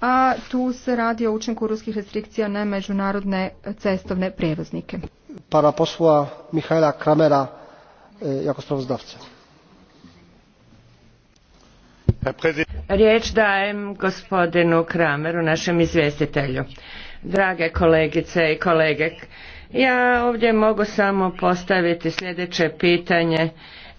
a tu se radi o učinku ruskih restrikcija na međunarodne cestovne prijevoznike. Para posla Mihajla Kramera e, jako Riječ dajem gospodinu Krameru, našem izvjestitelju. Drage kolegice i kolege, ja ovdje mogu samo postaviti sljedeće pitanje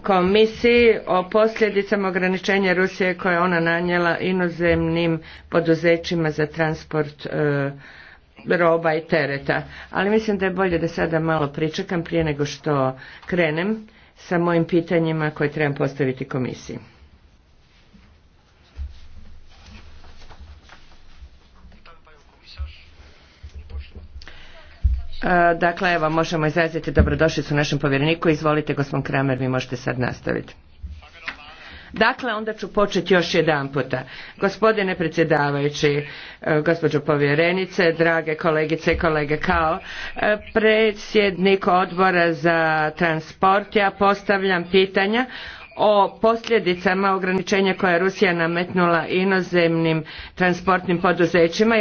komisiji o posljedicama ograničenja Rusije koje je ona nanijela inozemnim poduzećima za transport e, roba i tereta. Ali mislim da je bolje da sada malo pričekam prije nego što krenem sa mojim pitanjima koje trebam postaviti komisiji. E, dakle, evo, možemo izraziti dobrodošlicu našem povjereniku. Izvolite, gospodin Kramer, vi možete sad nastaviti. Dakle, onda ću početi još jedan puta. Gospodine predsjedavajući, e, gospođo povjerenice, drage kolegice i kolege, kao e, predsjednik odbora za transport, ja postavljam pitanja o posljedicama ograničenja koja je Rusija nametnula inozemnim transportnim poduzećima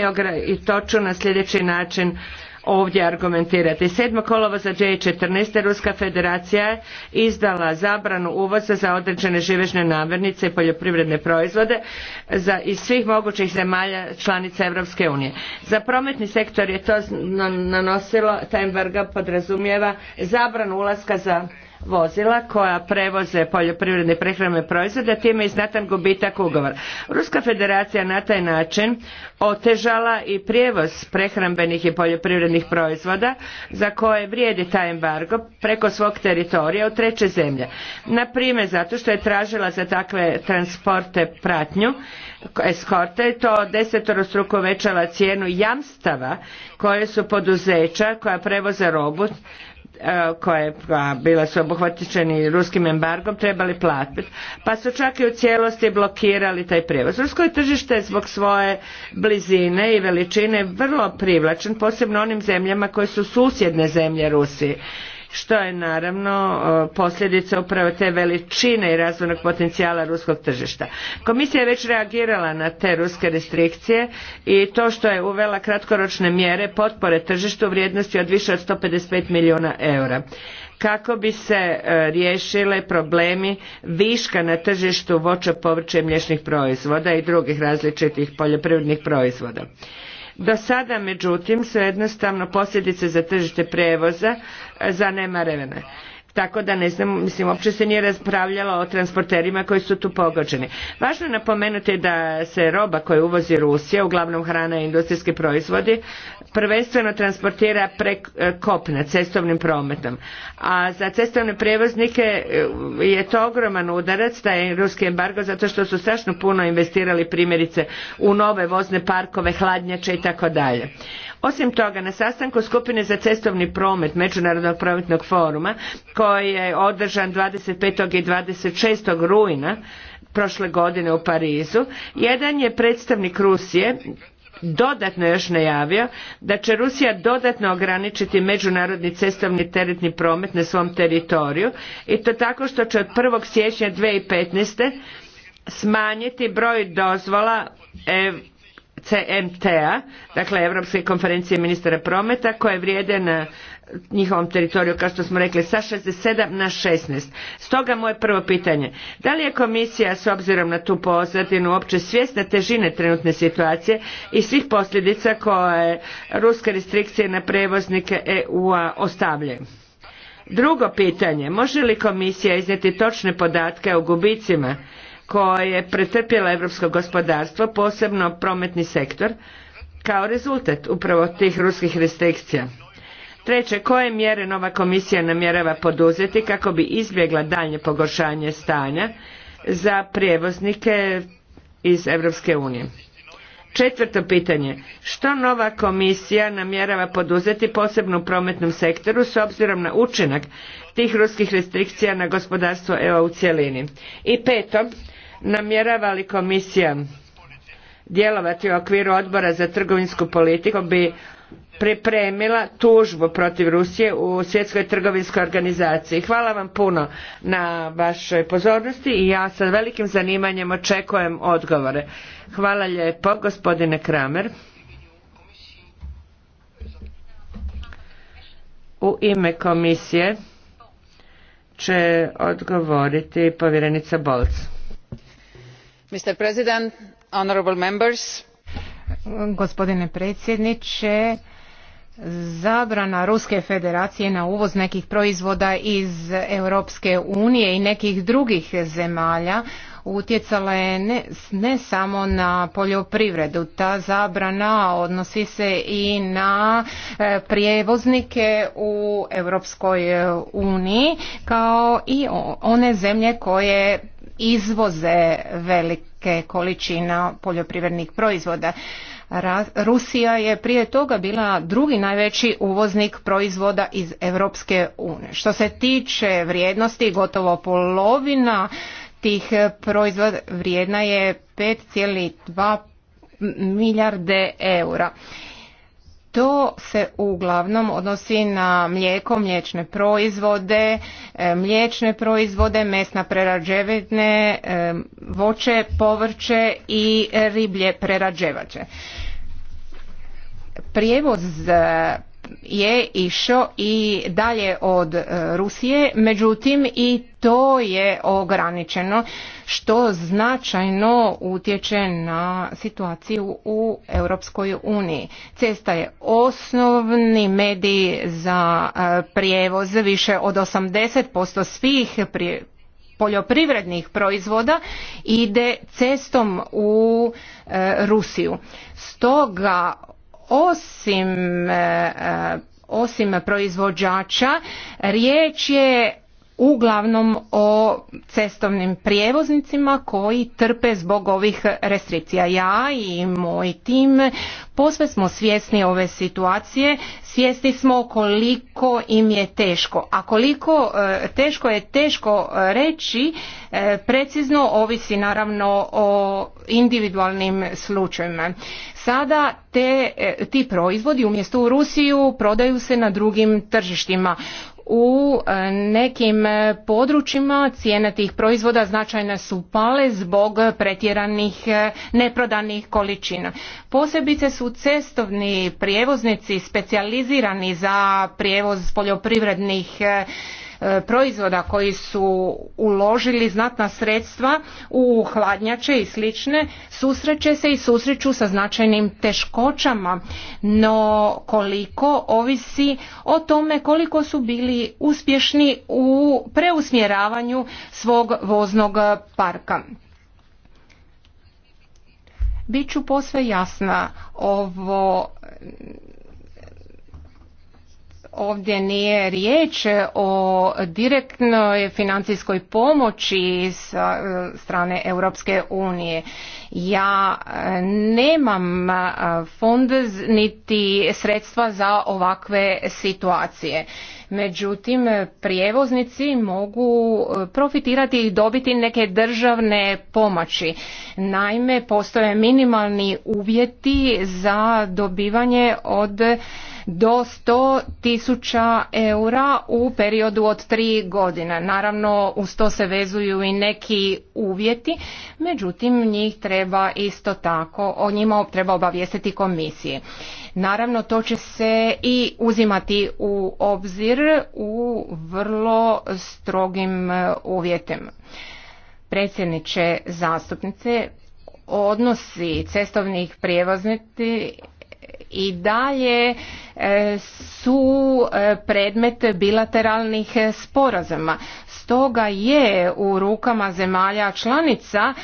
i to ću na sljedeći način ovdje argumentirati. 7. kolovoza 2014. Ruska federacija je izdala zabranu uvoza za određene živežne namirnice i poljoprivredne proizvode za, iz svih mogućih zemalja članica Europske unije. Za prometni sektor je to nanosilo, ta embarga podrazumijeva zabranu ulaska za vozila koja prevoze poljoprivredne prehrambene proizvode, time i znatan gubitak ugovora. Ruska federacija na taj način otežala i prijevoz prehrambenih i poljoprivrednih proizvoda za koje vrijedi taj embargo preko svog teritorija u treće zemlje. Na primjer zato što je tražila za takve transporte pratnju eskorte to struku većala cijenu jamstava koje su poduzeća koja prevoze robu E, koje bile bila su obuhvaćeni ruskim embargom trebali platiti pa su čak i u cijelosti blokirali taj prijevoz. Rusko je tržište zbog svoje blizine i veličine vrlo privlačen posebno onim zemljama koje su susjedne zemlje Rusiji što je naravno e, posljedica upravo te veličine i razvojnog potencijala ruskog tržišta. Komisija je već reagirala na te ruske restrikcije i to što je uvela kratkoročne mjere potpore tržištu u vrijednosti od više od 155 milijuna eura kako bi se e, riješile problemi viška na tržištu voća, povrća i mliječnih proizvoda i drugih različitih poljoprivrednih proizvoda. Do sada, međutim, su jednostavno posljedice za tržište prijevoza zanemarevene tako da ne znam, mislim, uopće se nije raspravljalo o transporterima koji su tu pogođeni. Važno je napomenuti da se roba koju uvozi Rusija, uglavnom hrana i industrijski proizvodi, prvenstveno transportira preko e, kopna, cestovnim prometom. A za cestovne prijevoznike e, je to ogroman udarac, taj ruski embargo, zato što su strašno puno investirali primjerice u nove vozne parkove, hladnjače i tako dalje. Osim toga, na sastanku skupine za cestovni promet Međunarodnog prometnog foruma, koji je održan 25. i 26. rujna prošle godine u Parizu, jedan je predstavnik Rusije dodatno još najavio da će Rusija dodatno ograničiti međunarodni cestovni teretni promet na svom teritoriju i to tako što će od 1. siječnja 2015. smanjiti broj dozvola e, CMT-a, dakle Europske konferencije ministara prometa koje vrijede na njihovom teritoriju, kao što smo rekli, sa 67 na 16. Stoga moje prvo pitanje, da li je komisija s obzirom na tu pozadinu uopće svjesna težine trenutne situacije i svih posljedica koje ruske restrikcije na prevoznike EU-a ostavljaju? Drugo pitanje, može li komisija iznijeti točne podatke o gubicima koje je pretrpjela europsko gospodarstvo, posebno prometni sektor, kao rezultat upravo tih ruskih restrikcija. Treće, koje mjere nova komisija namjerava poduzeti kako bi izbjegla daljnje pogoršanje stanja za prijevoznike iz Europske unije? Četvrto pitanje, što nova komisija namjerava poduzeti posebno u prometnom sektoru s obzirom na učinak tih ruskih restrikcija na gospodarstvo EU u cjelini? I peto, Namjerava li komisija djelovati u okviru odbora za trgovinsku politiku bi pripremila tužbu protiv Rusije u svjetskoj trgovinskoj organizaciji. Hvala vam puno na vašoj pozornosti i ja sa velikim zanimanjem očekujem odgovore. Hvala lijepo gospodine Kramer. U ime komisije će odgovoriti povjerenica Bolc. Mr. President, honorable members. Gospodine predsjedniče, zabrana Ruske federacije na uvoz nekih proizvoda iz Europske unije i nekih drugih zemalja utjecala je ne, ne samo na poljoprivredu. Ta zabrana odnosi se i na e, prijevoznike u Europskoj uniji kao i one zemlje koje izvoze velike količina poljoprivrednih proizvoda. Rusija je prije toga bila drugi najveći uvoznik proizvoda iz Europske unije. Što se tiče vrijednosti, gotovo polovina tih proizvoda vrijedna je 5,2 milijarde eura to se uglavnom odnosi na mlijeko, mliječne proizvode, e, mliječne proizvode, mesna prerađevine, e, voće, povrće i riblje prerađevače. Prijevoz e, je išao i dalje od e, Rusije, međutim i to je ograničeno što značajno utječe na situaciju u Europskoj uniji. Cesta je osnovni medij za e, prijevoz više od 80% svih poljoprivrednih proizvoda ide cestom u e, Rusiju. Stoga osim e, e, osim proizvođača riječ je uglavnom o cestovnim prijevoznicima koji trpe zbog ovih restrikcija. Ja i moj tim posve smo svjesni ove situacije, svjesni smo koliko im je teško. A koliko e, teško je teško reći, precizno ovisi naravno o individualnim slučajima. Sada te, e, ti proizvodi umjesto u Rusiju prodaju se na drugim tržištima. U e, nekim e, područjima cijene tih proizvoda značajno su pale zbog pretjeranih neprodanih količina. Posebice su cestovni prijevoznici specijalizirani za prijevoz poljoprivrednih E, proizvoda koji su uložili znatna sredstva u hladnjače i slične susreće se i susreću sa značajnim teškoćama no koliko ovisi o tome koliko su bili uspješni u preusmjeravanju svog voznog parka bit ću posve jasna ovo Ovdje nije riječ o direktnoj financijskoj pomoći s e, strane Europske unije. Ja e, nemam e, fond niti sredstva za ovakve situacije. Međutim, prijevoznici mogu profitirati i dobiti neke državne pomoći. Naime, postoje minimalni uvjeti za dobivanje od do 100 tisuća eura u periodu od tri godina. Naravno, uz to se vezuju i neki uvjeti, međutim njih treba isto tako, o njima treba obavijestiti komisije. Naravno, to će se i uzimati u obzir u vrlo strogim e, uvjetima. Predsjedniče zastupnice, odnosi cestovnih prijevoznici i dalje e, su e, predmet bilateralnih sporazuma. Stoga je u rukama zemalja članica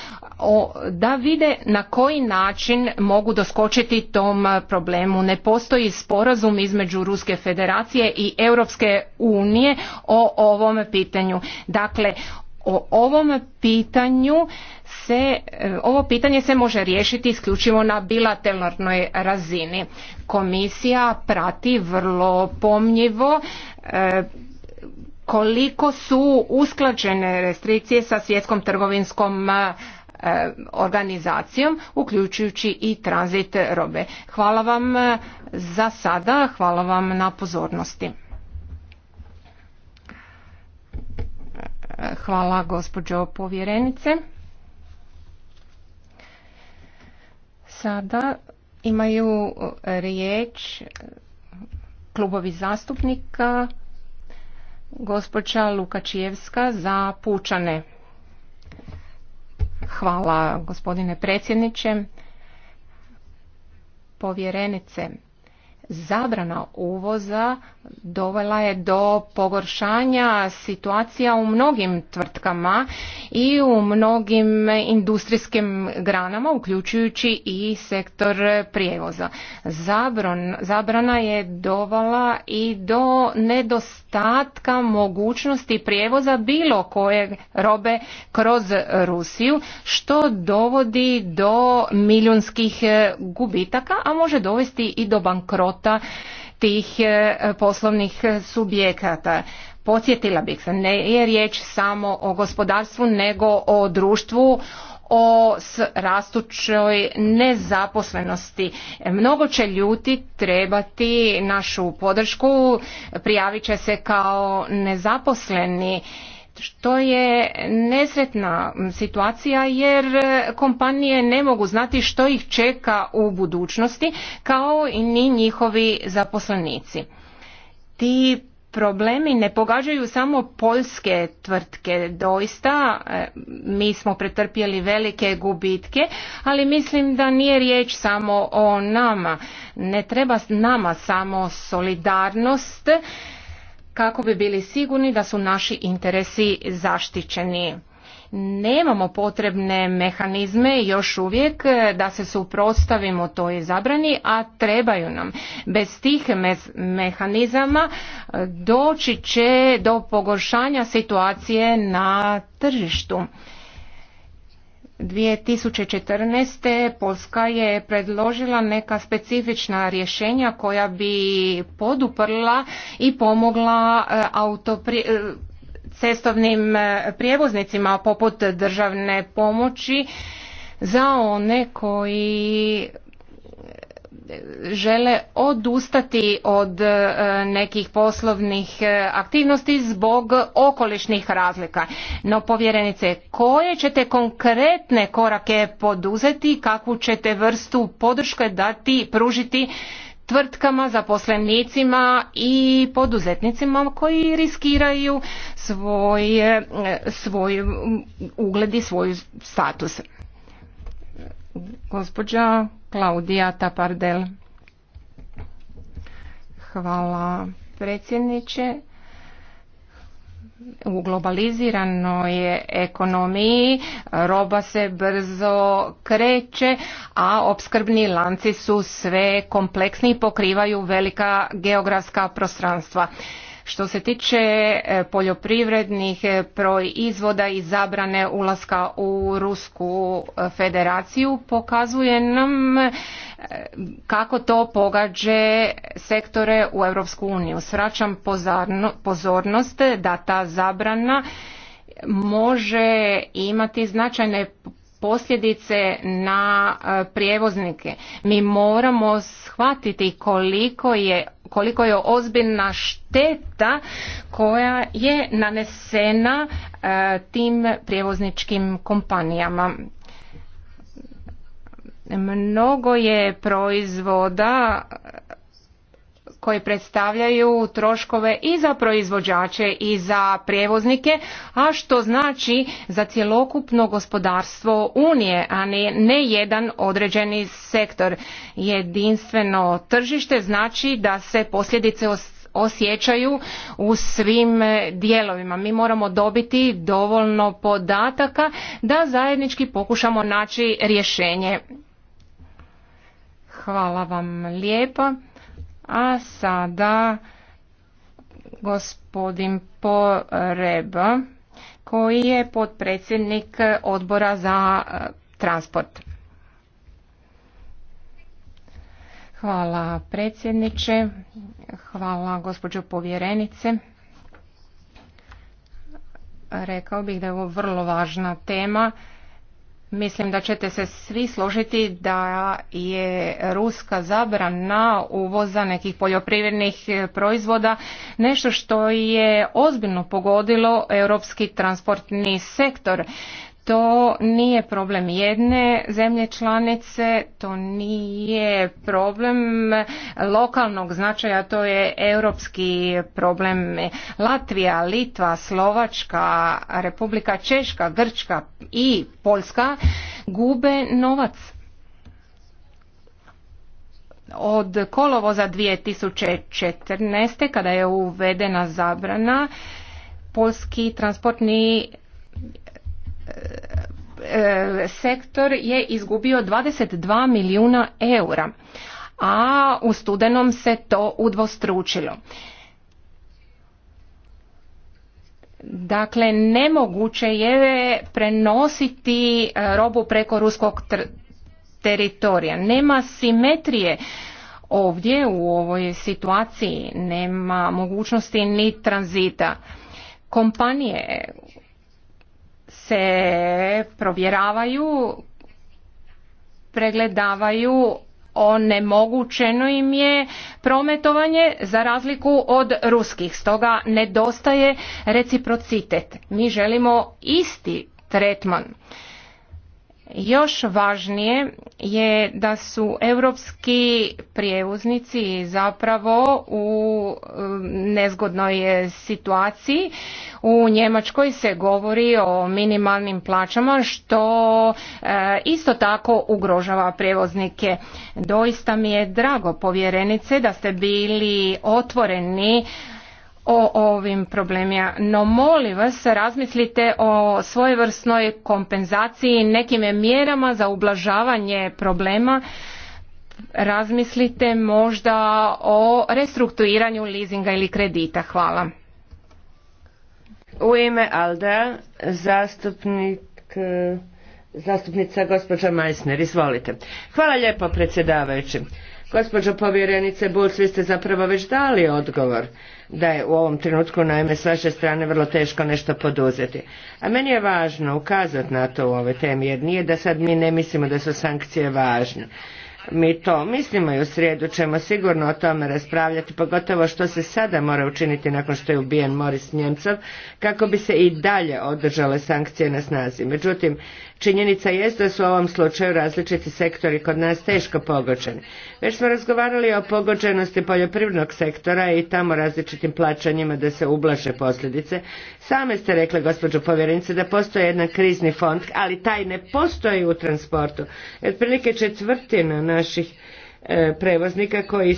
da vide na koji način mogu doskočiti tom problemu. Ne postoji sporazum između Ruske federacije i Europske unije o ovom pitanju. Dakle, o ovom pitanju se, e, ovo pitanje se može riješiti isključivo na bilateralnoj razini. Komisija prati vrlo pomnjivo e, koliko su usklađene restrikcije sa svjetskom trgovinskom e, organizacijom, uključujući i tranzit robe. Hvala vam za sada, hvala vam na pozornosti. Hvala gospođo povjerenice. Sada imaju e, riječ klubovi zastupnika gospođa Lukačijevska za pučane. Hvala gospodine predsjedniče. Povjerenice, zabrana uvoza dovela je do pogoršanja situacija u mnogim tvrtkama i u mnogim industrijskim granama, uključujući i sektor prijevoza. Zabron, zabrana je dovala i do nedostatka mogućnosti prijevoza bilo koje robe kroz Rusiju, što dovodi do milijunskih gubitaka, a može dovesti i do bankrota tih e, poslovnih subjekata. Podsjetila bih se, ne je riječ samo o gospodarstvu, nego o društvu, o rastućoj nezaposlenosti. Mnogo će ljudi trebati našu podršku, prijavit će se kao nezaposleni što je nesretna situacija jer kompanije ne mogu znati što ih čeka u budućnosti kao i ni njihovi zaposlenici. Ti problemi ne pogađaju samo poljske tvrtke doista e, mi smo pretrpjeli velike gubitke ali mislim da nije riječ samo o nama ne treba nama samo solidarnost kako bi bili sigurni da su naši interesi zaštićeni nemamo potrebne mehanizme još uvijek da se suprotstavimo toj zabrani, a trebaju nam. Bez tih mehanizama e, doći će do pogoršanja situacije na tržištu. 2014. Polska je predložila neka specifična rješenja koja bi poduprla i pomogla eh, eh, cestovnim eh, prijevoznicima poput državne pomoći za one koji žele odustati od e, nekih poslovnih e, aktivnosti zbog okolišnih razlika. No povjerenice, koje ćete konkretne korake poduzeti, kakvu ćete vrstu podrške dati, pružiti tvrtkama, zaposlenicima i poduzetnicima koji riskiraju svoj, e, svoj ugled i svoj status. Gospođa Klaudija Tapardel. Hvala predsjedniče. U globaliziranoj ekonomiji roba se brzo kreće, a opskrbni lanci su sve kompleksni i pokrivaju velika geografska prostranstva. Što se tiče e, poljoprivrednih e, proizvoda i zabrane ulaska u Rusku e, federaciju, pokazuje nam kako to pogađe sektore u Europsku uniju. pozornost da ta zabrana može imati značajne posljedice na e, prijevoznike. Mi moramo shvatiti koliko je koliko je ozbiljna šteta koja je nanesena e, tim prijevozničkim kompanijama. Mnogo je proizvoda koji predstavljaju troškove i za proizvođače i za prijevoznike, a što znači za cjelokupno gospodarstvo Unije, a ne, ne jedan određeni sektor. Jedinstveno tržište znači da se posljedice osjećaju u svim e, dijelovima. Mi moramo dobiti dovoljno podataka da zajednički pokušamo naći rješenje. Hvala vam lijepa. A sada gospodin Poreb, koji je potpredsjednik odbora za e, transport. Hvala predsjedniče, hvala gospođo povjerenice. Rekao bih da je ovo vrlo važna tema. Mislim da ćete se svi složiti da je ruska zabrana uvoza nekih poljoprivrednih e, proizvoda nešto što je ozbiljno pogodilo europski transportni sektor to nije problem jedne zemlje članice, to nije problem lokalnog značaja, to je europski problem. Latvija, Litva, Slovačka, Republika Češka, Grčka i Poljska gube novac od kolovoza 2014. kada je uvedena zabrana polski transportni E, sektor je izgubio 22 milijuna eura, a u studenom se to udvostručilo. Dakle, nemoguće je prenositi e, robu preko ruskog teritorija. Nema simetrije ovdje u ovoj situaciji, nema mogućnosti ni tranzita. Kompanije se provjeravaju, pregledavaju, onemogućeno im je prometovanje za razliku od ruskih. Stoga nedostaje reciprocitet. Mi želimo isti tretman. Još važnije je da su europski prijevoznici zapravo u um, nezgodnoj situaciji. U Njemačkoj se govori o minimalnim plaćama što e, isto tako ugrožava prijevoznike. Doista mi je drago povjerenice da ste bili otvoreni o ovim problemima, no molim vas razmislite o svojevrsnoj kompenzaciji nekim mjerama za ublažavanje problema razmislite možda o restrukturiranju leasinga ili kredita. Hvala. U ime Alda, zastupnik, e, zastupnica gospođa Majsner, izvolite. Hvala lijepo predsjedavajući. Gospođo povjerenice Bulc, vi ste zapravo već dali odgovor da je u ovom trenutku naime s vaše strane vrlo teško nešto poduzeti. A meni je važno ukazati na to u ovoj temi jer nije da sad mi ne mislimo da su sankcije važne. Mi to mislimo i u srijedu ćemo sigurno o tome raspravljati, pogotovo što se sada mora učiniti nakon što je ubijen Moris Njemcov, kako bi se i dalje održale sankcije na snazi. Međutim, Činjenica jest da su u ovom slučaju različiti sektori kod nas teško pogođeni. Već smo razgovarali o pogođenosti poljoprivrednog sektora i tamo različitim plaćanjima da se ublaže posljedice. Same ste rekli, gospođo povjerenice, da postoji jedan krizni fond, ali taj ne postoji u transportu. Otprilike četvrtina naših e, prevoznika koji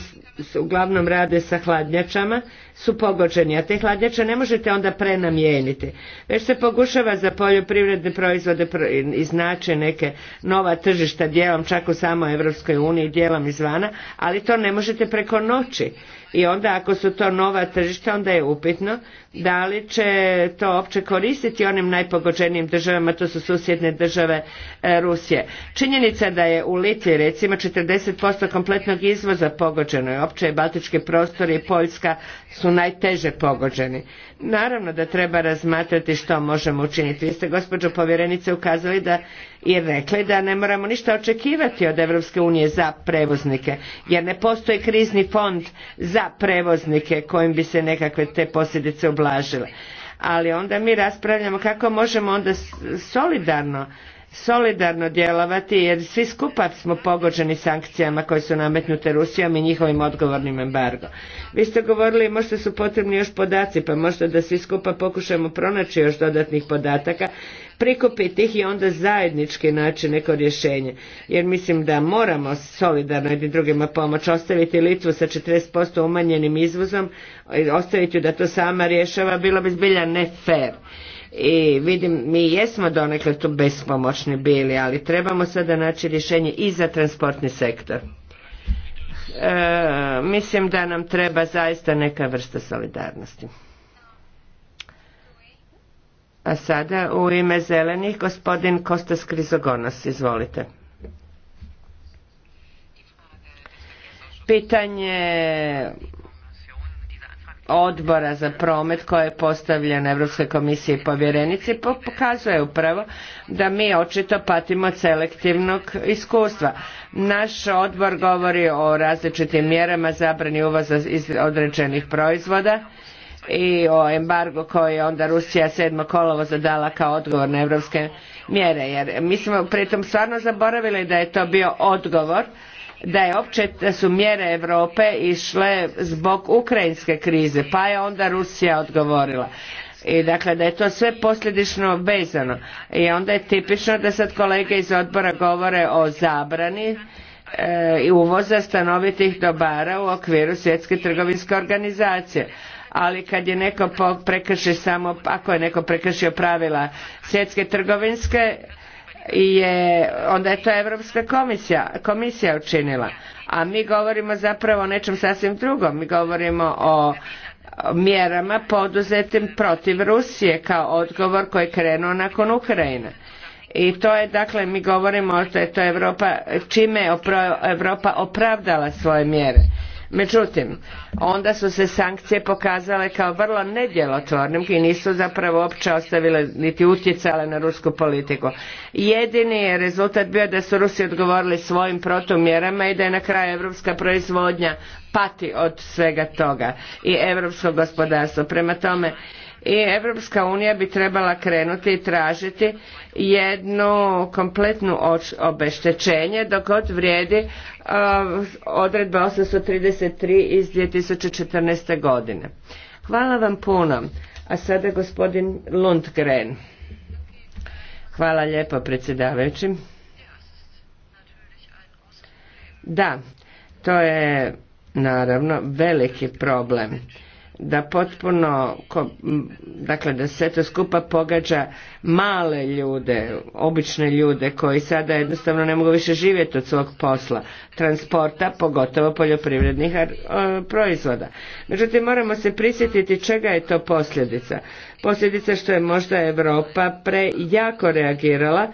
uglavnom rade sa hladnjačama su pogođeni, a te hladnjače ne možete onda prenamijeniti. Već se pokušava za poljoprivredne proizvode iznaći neke nova tržišta, dijelom čak u samoj Europskoj uniji, dijelom izvana, ali to ne možete preko noći. I onda ako su to nova tržišta, onda je upitno da li će to opće koristiti onim najpogođenijim državama, to su susjedne države e, Rusije. Činjenica da je u Litvi recimo 40% kompletnog izvoza pogođeno je opće Baltičke Baltički prostor i Poljska su najteže pogođeni. Naravno da treba razmatrati što možemo učiniti. Vi ste gospođo povjerenice ukazali da je rekli da ne moramo ništa očekivati od Europske unije za prevoznike, jer ne postoji krizni fond za prevoznike kojim bi se nekakve te posljedice ublažile. Ali onda mi raspravljamo kako možemo onda solidarno solidarno djelovati jer svi skupa smo pogođeni sankcijama koje su nametnute Rusijom i njihovim odgovornim embargo. Vi ste govorili možda su potrebni još podaci pa možda da svi skupa pokušamo pronaći još dodatnih podataka prikupiti ih i onda zajednički naći neko rješenje. Jer mislim da moramo solidarno jednim drugima pomoć ostaviti Litvu sa 40% umanjenim izvozom, ostaviti da to sama rješava, bilo bi zbilja ne fair i vidim mi jesmo donekle tu bespomoćni bili ali trebamo sada naći rješenje i za transportni sektor e, mislim da nam treba zaista neka vrsta solidarnosti a sada u ime zelenih gospodin Kostas Krizogonos izvolite pitanje odbora za promet koji je postavljen Europskoj komisiji povjerenici pokazuje upravo da mi očito patimo od selektivnog iskustva. Naš odbor govori o različitim mjerama zabrani uvoza iz određenih proizvoda i o embargu koji je onda Rusija 7. kolovo zadala kao odgovor na europske mjere. Jer mi smo pritom stvarno zaboravili da je to bio odgovor da je opće da su mjere Europe išle zbog ukrajinske krize, pa je onda Rusija odgovorila. I dakle da je to sve posljedično vezano. I onda je tipično da sad kolege iz odbora govore o zabrani e, i uvoza stanovitih dobara u okviru svjetske trgovinske organizacije ali kad je neko prekršio samo ako je neko prekršio pravila svjetske trgovinske je, onda je to Europska komisija, komisija učinila. A mi govorimo zapravo o nečem sasvim drugom. Mi govorimo o mjerama poduzetim protiv Rusije kao odgovor koji je krenuo nakon Ukrajine. I to je, dakle, mi govorimo da je to Europa, čime je Europa opravdala svoje mjere. Međutim, onda su se sankcije pokazale kao vrlo nedjelotvornim i nisu zapravo uopće ostavile niti utjecale na rusku politiku. Jedini je rezultat bio da su Rusi odgovorili svojim protumjerama i da je na kraju europska proizvodnja pati od svega toga i europsko gospodarstvo. Prema tome, i Evropska unija bi trebala krenuti i tražiti jedno kompletno obeštećenje dok god vrijedi uh, odredba 833 iz 2014. godine. Hvala vam puno. A sada gospodin Lundgren. Hvala lijepo predsjedavajući. Da, to je naravno veliki problem da potpuno, dakle da se to skupa pogađa male ljude, obične ljude koji sada jednostavno ne mogu više živjeti od svog posla, transporta, pogotovo poljoprivrednih proizvoda. Međutim, moramo se prisjetiti čega je to posljedica. Posljedica što je možda Europa jako reagirala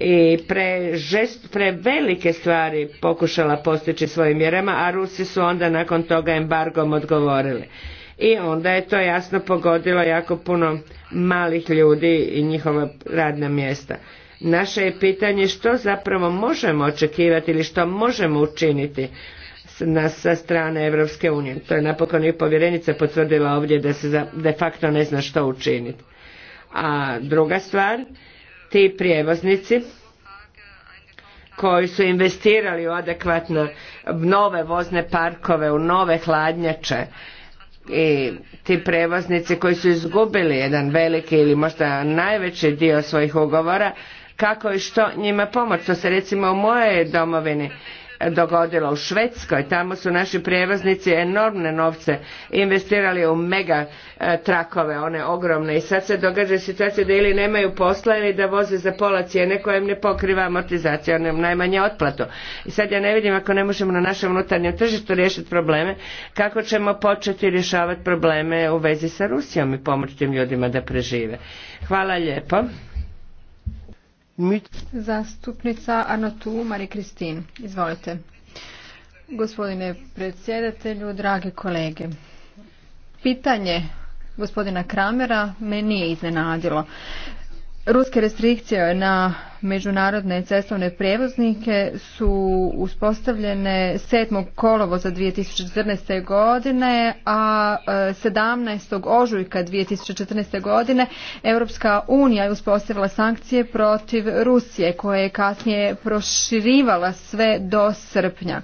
i pre, pre velike stvari pokušala postići svojim mjerama, a Rusi su onda nakon toga embargom odgovorili i onda je to jasno pogodilo jako puno malih ljudi i njihova radna mjesta. Naše je pitanje što zapravo možemo očekivati ili što možemo učiniti nas sa strane Europske unije. To je napokon i povjerenica potvrdila ovdje da se de facto ne zna što učiniti. A druga stvar, ti prijevoznici koji su investirali u adekvatno nove vozne parkove, u nove hladnjače, i ti prevoznici koji su izgubili jedan veliki ili možda najveći dio svojih ugovora kako i što njima pomoći. To se recimo u mojoj domovini dogodilo u Švedskoj. Tamo su naši prijevoznici enormne novce investirali u mega e, trakove, one ogromne. I sad se događa situacija da ili nemaju posla ili da voze za pola cijene kojem im ne pokriva amortizacija, najmanje otplatu. I sad ja ne vidim ako ne možemo na našem unutarnjem tržištu riješiti probleme, kako ćemo početi rješavati probleme u vezi sa Rusijom i pomoći tim ljudima da prežive. Hvala lijepo. Zastupnica Arnotu Mari Kristin, izvolite. Gospodine predsjedatelju, dragi kolege, pitanje gospodina Kramera me nije iznenadilo. Ruske restrikcije na međunarodne cestovne prijevoznike su uspostavljene 7. kolovoza 2014. godine, a 17. E, ožujka 2014. godine Europska unija je uspostavila sankcije protiv Rusije koje je kasnije proširivala sve do srpnja.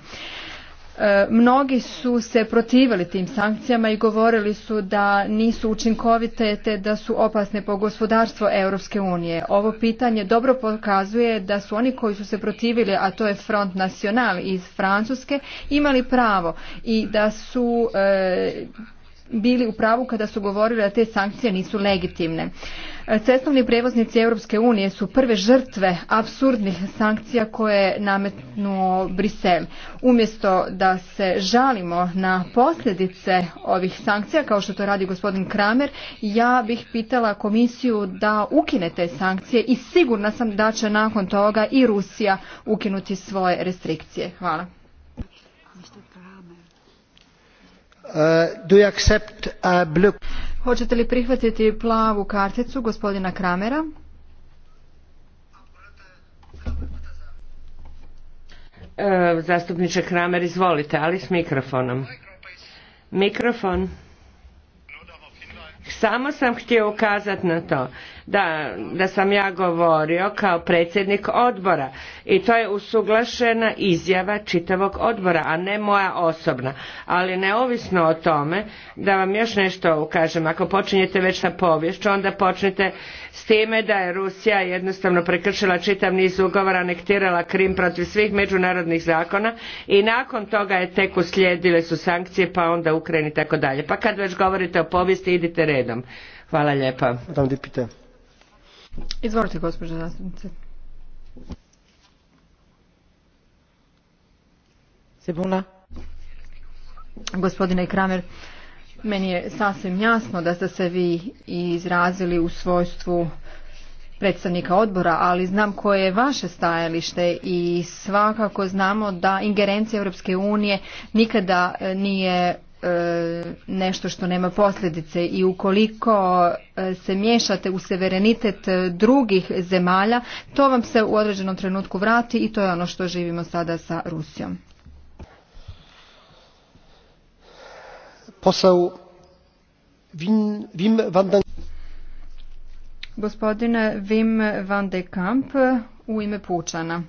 E, mnogi su se protivili tim sankcijama i govorili su da nisu učinkovite te da su opasne po gospodarstvo Europske unije. Ovo pitanje dobro pokazuje da su oni koji su se protivili, a to je Front National iz Francuske, imali pravo i da su e, bili u pravu kada su govorili da te sankcije nisu legitimne. E, cestovni prevoznici Europske unije su prve žrtve apsurdnih sankcija koje nametnuo Brisel. Umjesto da se žalimo na posljedice ovih sankcija, kao što to radi gospodin Kramer, ja bih pitala komisiju da ukine te sankcije i sigurna sam da će nakon toga i Rusija ukinuti svoje restrikcije. Hvala. Uh, do Hoćete li prihvatiti plavu karticu gospodina Kramera? Uh, zastupniče Kramer, izvolite, ali s mikrofonom. Mikrofon. Samo sam htio ukazati na to da, da sam ja govorio kao predsjednik odbora i to je usuglašena izjava čitavog odbora, a ne moja osobna. Ali neovisno o tome, da vam još nešto ukažem, ako počinjete već sa povješću, onda počnite s time da je Rusija jednostavno prekršila čitav niz ugovora, anektirala Krim protiv svih međunarodnih zakona i nakon toga je tek uslijedile su sankcije pa onda Ukrajini i tako dalje. Pa kad već govorite o povijesti idite redom. Hvala lijepa gospođo zastupnice. Gospodine Kramer, meni je sasvim jasno da ste se vi izrazili u svojstvu predstavnika odbora, ali znam koje je vaše stajalište i svakako znamo da ingerencija Europske unije nikada eh, nije E, nešto što nema posljedice i ukoliko e, se miješate u severenitet e, drugih zemalja, to vam se u određenom trenutku vrati i to je ono što živimo sada sa Rusijom. Posao van den... Gospodine Vim van de Kamp u ime Pučana.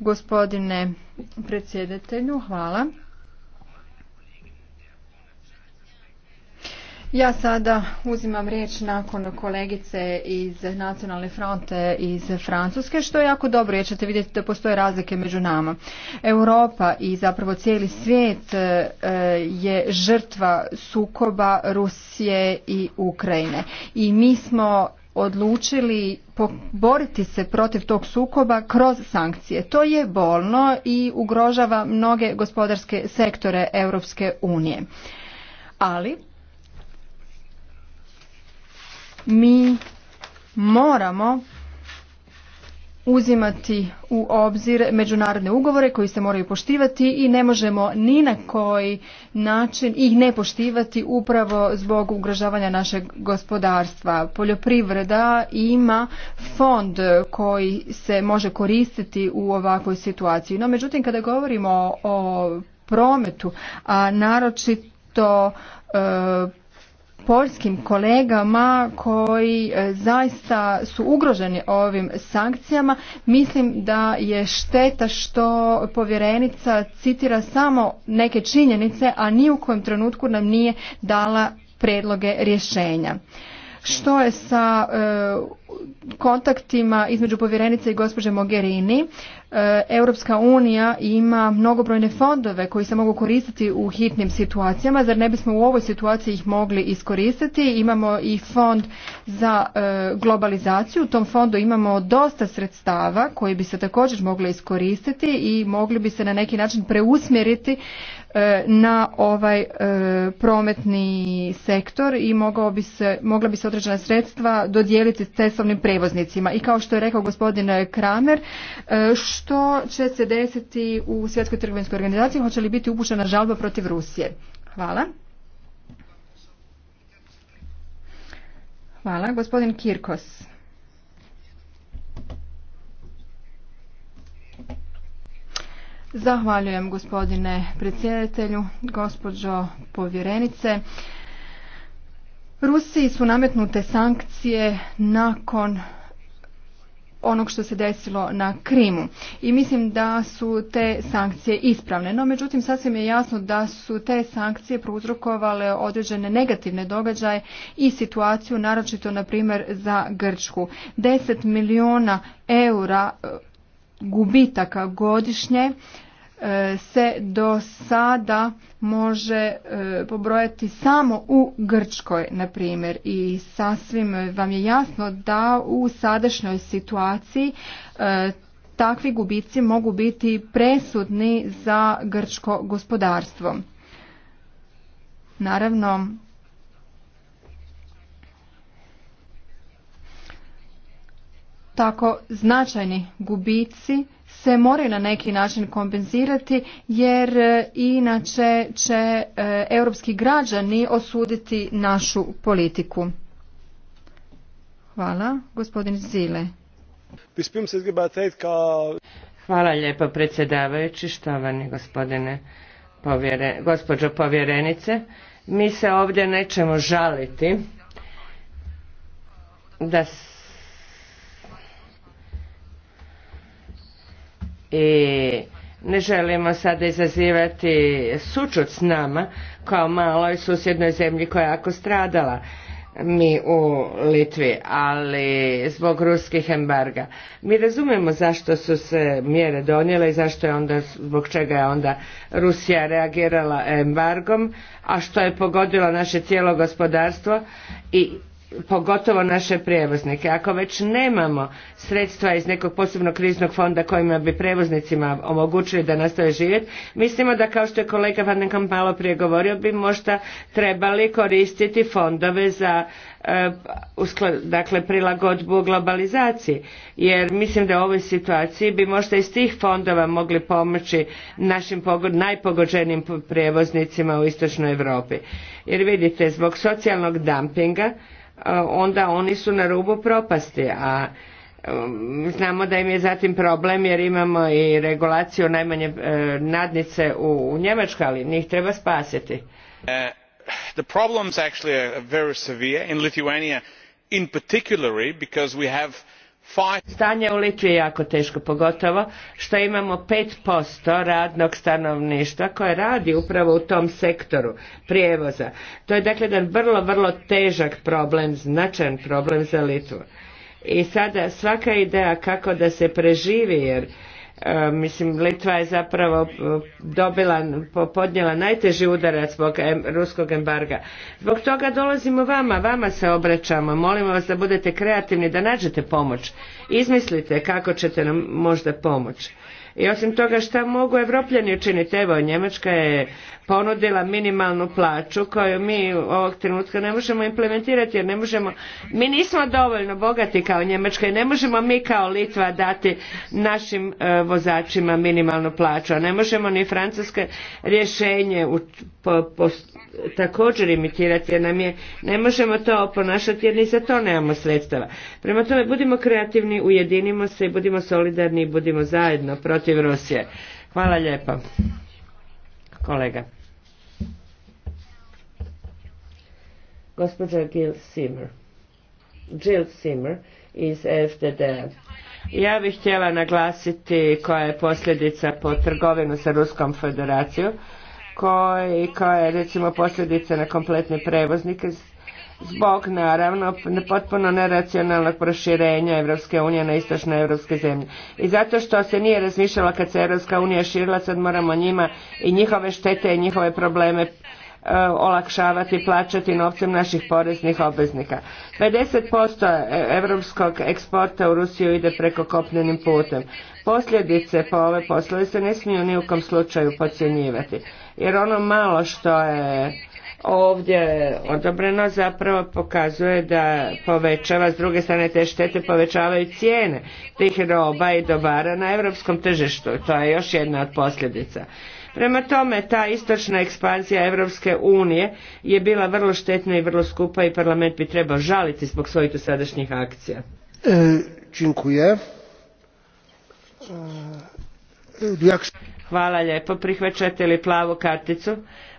Gospodine predsjedatelju. Hvala. Ja sada uzimam riječ nakon kolegice iz Nacionalne fronte iz Francuske, što je jako dobro, jer ćete vidjeti da postoje razlike među nama. Europa i zapravo cijeli svijet e, je žrtva sukoba Rusije i Ukrajine. I mi smo odlučili boriti se protiv tog sukoba kroz sankcije. To je bolno i ugrožava mnoge gospodarske sektore Europske unije. Ali mi moramo uzimati u obzir međunarodne ugovore koji se moraju poštivati i ne možemo ni na koji način ih ne poštivati upravo zbog ugrožavanja našeg gospodarstva. Poljoprivreda ima fond koji se može koristiti u ovakvoj situaciji. No međutim kada govorimo o prometu, a naročito e, poljskim kolegama koji e, zaista su ugroženi ovim sankcijama. Mislim da je šteta što povjerenica citira samo neke činjenice, a ni u kojem trenutku nam nije dala predloge rješenja. Što je sa e, kontaktima između povjerenice i gospođe Mogherini? E, Europska unija ima mnogobrojne fondove koji se mogu koristiti u hitnim situacijama, zar ne bismo u ovoj situaciji ih mogli iskoristiti? Imamo i fond za e, globalizaciju, u tom fondu imamo dosta sredstava koji bi se također mogli iskoristiti i mogli bi se na neki način preusmjeriti e, na ovaj prometni sektor i bi se, mogla bi se određena sredstva dodijeliti cestovnim prevoznicima. I kao što je rekao gospodin Kramer, što što će se desiti u Svjetskoj trgovinskoj organizaciji, hoće li biti upušena žalba protiv Rusije. Hvala. Hvala. Gospodin Kirkos. Zahvaljujem gospodine predsjedatelju, gospođo povjerenice. Rusiji su nametnute sankcije nakon onog što se desilo na Krimu. I mislim da su te sankcije ispravne. No, međutim, sasvim je jasno da su te sankcije prouzrokovale određene negativne događaje i situaciju, naročito, na primjer, za Grčku. 10 miliona eura e, gubitaka godišnje se do sada može e, pobrojati samo u Grčkoj, na primjer. I sasvim vam je jasno da u sadašnjoj situaciji e, takvi gubici mogu biti presudni za grčko gospodarstvo. Naravno, tako značajni gubici se moraju na neki način kompenzirati jer e, inače će e, europski građani osuditi našu politiku. Hvala. Gospodin Zile. Hvala lijepo predsjedavajući, štovani gospodine povjere, gospođo povjerenice. Mi se ovdje nećemo žaliti da i ne želimo sada izazivati sučut s nama kao maloj susjednoj zemlji koja je jako stradala mi u Litvi, ali zbog ruskih embarga. Mi razumijemo zašto su se mjere donijele i zašto je onda, zbog čega je onda Rusija reagirala embargom, a što je pogodilo naše cijelo gospodarstvo i pogotovo naše prijevoznike. Ako već nemamo sredstva iz nekog posebnog kriznog fonda kojima bi prevoznicima omogućili da nastave živjeti, mislimo da kao što je kolega Van malo prije govorio bi možda trebali koristiti fondove za e, dakle prilagodbu globalizaciji jer mislim da u ovoj situaciji bi možda iz tih fondova mogli pomoći našim najpogođenim prijevoznicima u istočnoj Europi. Jer vidite, zbog socijalnog dumpinga onda oni su na rubu propasti, a um, znamo da im je zatim problem jer imamo i regulaciju najmanje e, nadnice u Njemačkoj, ali njih treba spasiti. Uh, the problems actually are very severe in Lithuania in particular because we have Stanje u Litvi je jako teško, pogotovo što imamo 5% radnog stanovništva koje radi upravo u tom sektoru prijevoza. To je dakle jedan vrlo, vrlo težak problem, značajan problem za Litvu. I sada svaka ideja kako da se preživi, jer E, mislim Litva je zapravo e, dobila, podnijela najteži udarac zbog ruskog embarga. Zbog toga dolazimo vama, vama se obraćamo, molimo vas da budete kreativni, da nađete pomoć, izmislite kako ćete nam možda pomoći. I osim toga šta mogu evropljani učiniti? Evo, Njemačka je ponudila minimalnu plaću koju mi ovog trenutka ne možemo implementirati jer ne možemo, mi nismo dovoljno bogati kao Njemačka i ne možemo mi kao Litva dati našim e, vozačima minimalnu plaću, a ne možemo ni francuske rješenje također imitirati jer nam je, ne možemo to ponašati jer ni za to nemamo sredstava. Prema tome budimo kreativni, ujedinimo se i budimo solidarni i budimo zajedno protiv protiv Rusije. Hvala lijepa, kolega. Gospođa Gil Simmer. Jill Simmer iz fdd Ja bih htjela naglasiti koja je posljedica po trgovinu sa Ruskom federacijom, koja je recimo posljedica na kompletne prevoznike, zbog naravno potpuno neracionalnog proširenja Evropske unije na istočne Evropske zemlje. I zato što se nije razmišljalo kad se Evropska unija širila, sad moramo njima i njihove štete i njihove probleme e, olakšavati, plaćati novcem naših poreznih obveznika. 50% europskog eksporta u Rusiju ide preko kopnenim putem. Posljedice po ove poslove se ne smiju ni u kom slučaju podcjenjivati. Jer ono malo što je ovdje odobreno zapravo pokazuje da povećava s druge strane te štete povećavaju cijene tih roba i dobara na europskom tržištu to je još jedna od posljedica prema tome ta istočna ekspanzija Europske unije je bila vrlo štetna i vrlo skupa i parlament bi trebao žaliti zbog svojih sadašnjih akcija e, e Hvala lijepo. Prihvaćate li plavu karticu?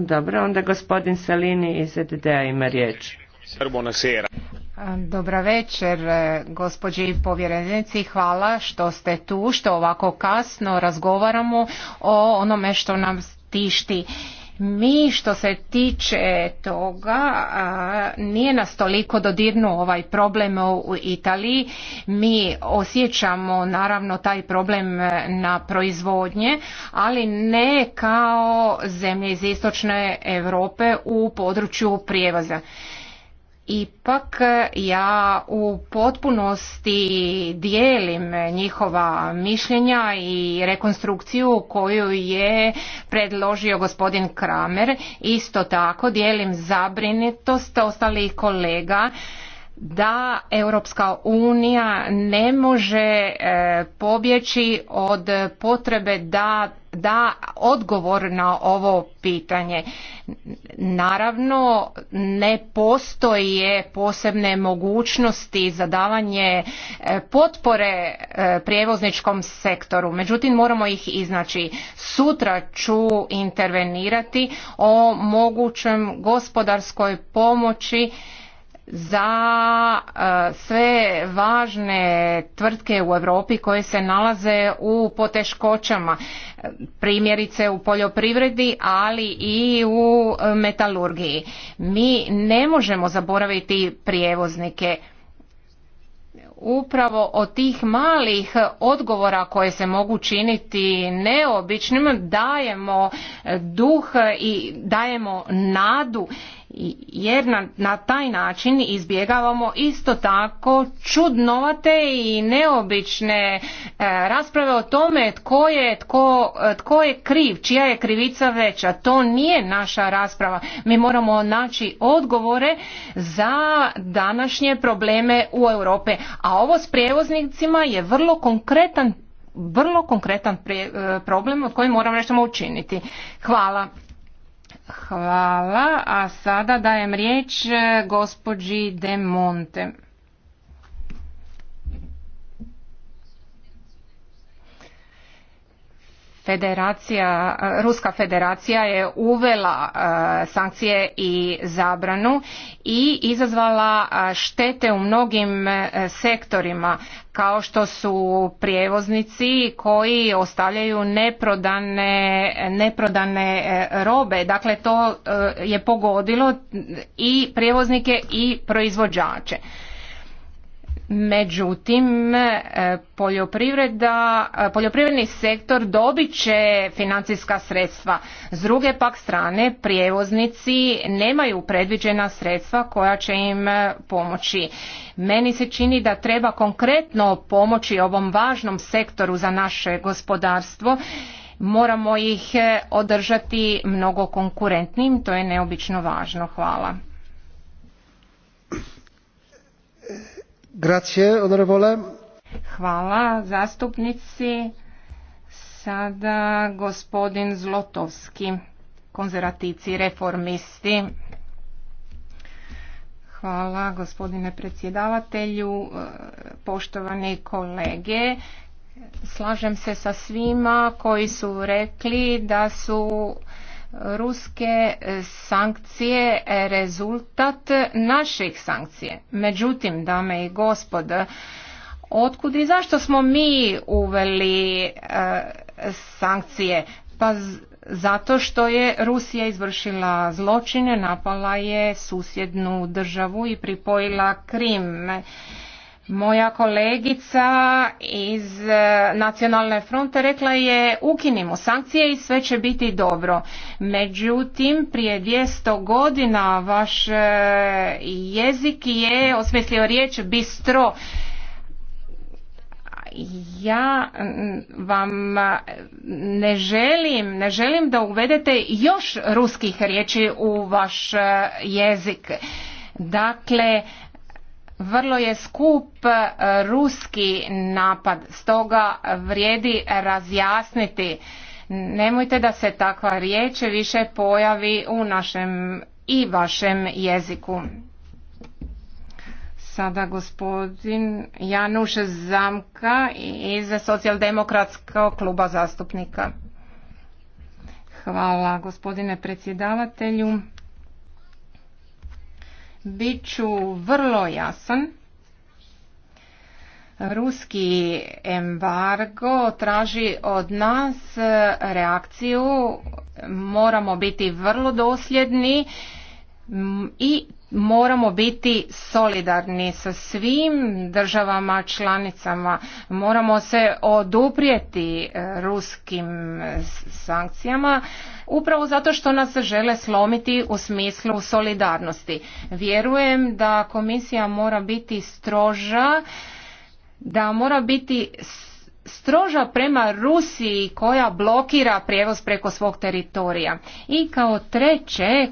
dobro, onda gospodin Salini iz edd ima riječ. Dobra večer, e, gospođi povjerenici. Hvala što ste tu, što ovako kasno razgovaramo o onome što nam tišti mi što se tiče toga nije nas toliko dodirnuo ovaj problem u Italiji. Mi osjećamo naravno taj problem e, na proizvodnje, ali ne kao zemlje iz istočne Europe u području prijevoza. Ipak ja u potpunosti dijelim njihova mišljenja i rekonstrukciju koju je predložio gospodin Kramer. Isto tako dijelim zabrinitost ostalih kolega da Europska unija ne može e, pobjeći od potrebe da da odgovor na ovo pitanje. Naravno, ne postoje posebne mogućnosti za davanje e, potpore e, prijevozničkom sektoru, međutim moramo ih iznaći. Sutra ću intervenirati o mogućem gospodarskoj pomoći za e, sve važne tvrtke u Europi koje se nalaze u poteškoćama primjerice u poljoprivredi ali i u metalurgiji mi ne možemo zaboraviti prijevoznike upravo od tih malih odgovora koje se mogu činiti neobičnim dajemo duh i dajemo nadu jer na, taj način izbjegavamo isto tako čudnovate i neobične e, rasprave o tome tko je, e, tko, je kriv, čija je krivica veća. To nije naša rasprava. Mi moramo naći odgovore za današnje probleme u Europe. A ovo s prijevoznicima je vrlo konkretan vrlo konkretan e, problem od kojeg moramo nešto učiniti. Hvala. Hvala, a sada dajem riječ eh, gospođi De Monte. Federacija, Ruska federacija je uvela e, sankcije i zabranu i izazvala e, štete u mnogim e, sektorima kao što su prijevoznici koji ostavljaju neprodane, neprodane robe. Dakle, to je pogodilo i prijevoznike i proizvođače. Međutim, e, poljoprivreda, e, poljoprivredni sektor dobit će financijska sredstva. S druge pak strane, prijevoznici nemaju predviđena sredstva koja će im e, pomoći. Meni se čini da treba konkretno pomoći ovom važnom sektoru za naše gospodarstvo. Moramo ih održati mnogo konkurentnim, to je neobično važno. Hvala. Grazie, onorevole. Hvala zastupnici. Sada gospodin Zlotovski, konzervativci reformisti. Hvala gospodine predsjedavatelju, poštovani kolege. Slažem se sa svima koji su rekli da su ruske e, sankcije rezultat naših sankcije. Međutim, dame i gospod, otkud i zašto smo mi uveli e, sankcije? Pa zato što je Rusija izvršila zločine, napala je susjednu državu i pripojila Krim moja kolegica iz e, Nacionalne fronte rekla je ukinimo sankcije i sve će biti dobro. Međutim, prije 200 godina vaš e, jezik je osmislio riječ bistro. Ja vam e, ne želim, ne želim da uvedete još ruskih riječi u vaš jezik. Dakle, vrlo je skup e, ruski napad, stoga vrijedi razjasniti. Nemojte da se takva riječ više pojavi u našem i vašem jeziku. Sada gospodin Januš Zamka iz Socijaldemokratskog kluba zastupnika. Hvala gospodine predsjedavatelju. Bit ću vrlo jasan. Ruski embargo traži od nas reakciju, moramo biti vrlo dosljedni i moramo biti solidarni sa svim državama članicama moramo se oduprijeti e, ruskim sankcijama upravo zato što nas žele slomiti u smislu solidarnosti vjerujem da komisija mora biti stroža da mora biti stroža prema Rusiji koja blokira prijevoz preko svog teritorija. I kao treće,